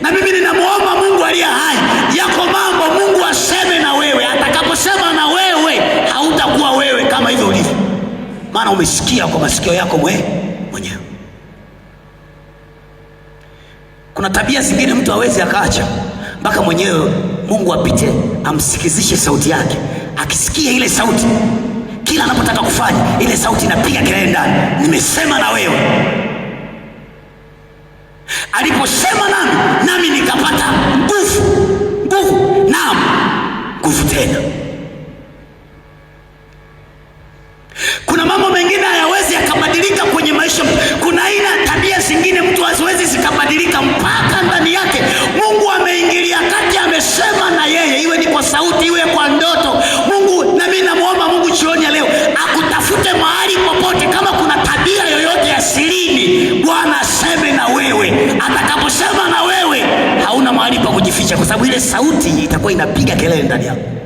Na mimi ninamwomba Mungu aliye hai, yako mambo Mungu aseme na wewe. Atakaposema na wewe, hautakuwa wewe kama hivyo ulivyo, maana umesikia kwa masikio yako mwe mwenyewe. Kuna tabia zingine mtu hawezi akaacha mpaka mwenyewe Mungu apite amsikizishe sauti yake, akisikia ile sauti, kila anapotaka kufanya ile sauti inapiga kelele ndani, nimesema na wewe aliposema nami, nami nikapata nguvu, nguvu, naam, nguvu tena. Kuna mambo mengine hayawezi yakabadilika kwenye maisha. Kuna aina tabia zingine mtu haziwezi zikabadilika mpaka ndani yake Mungu ameingilia kati, amesema na yeye, iwe ni kwa sauti, iwe kwa kujificha, kwa sababu ile sauti itakuwa inapiga kelele ndani yako.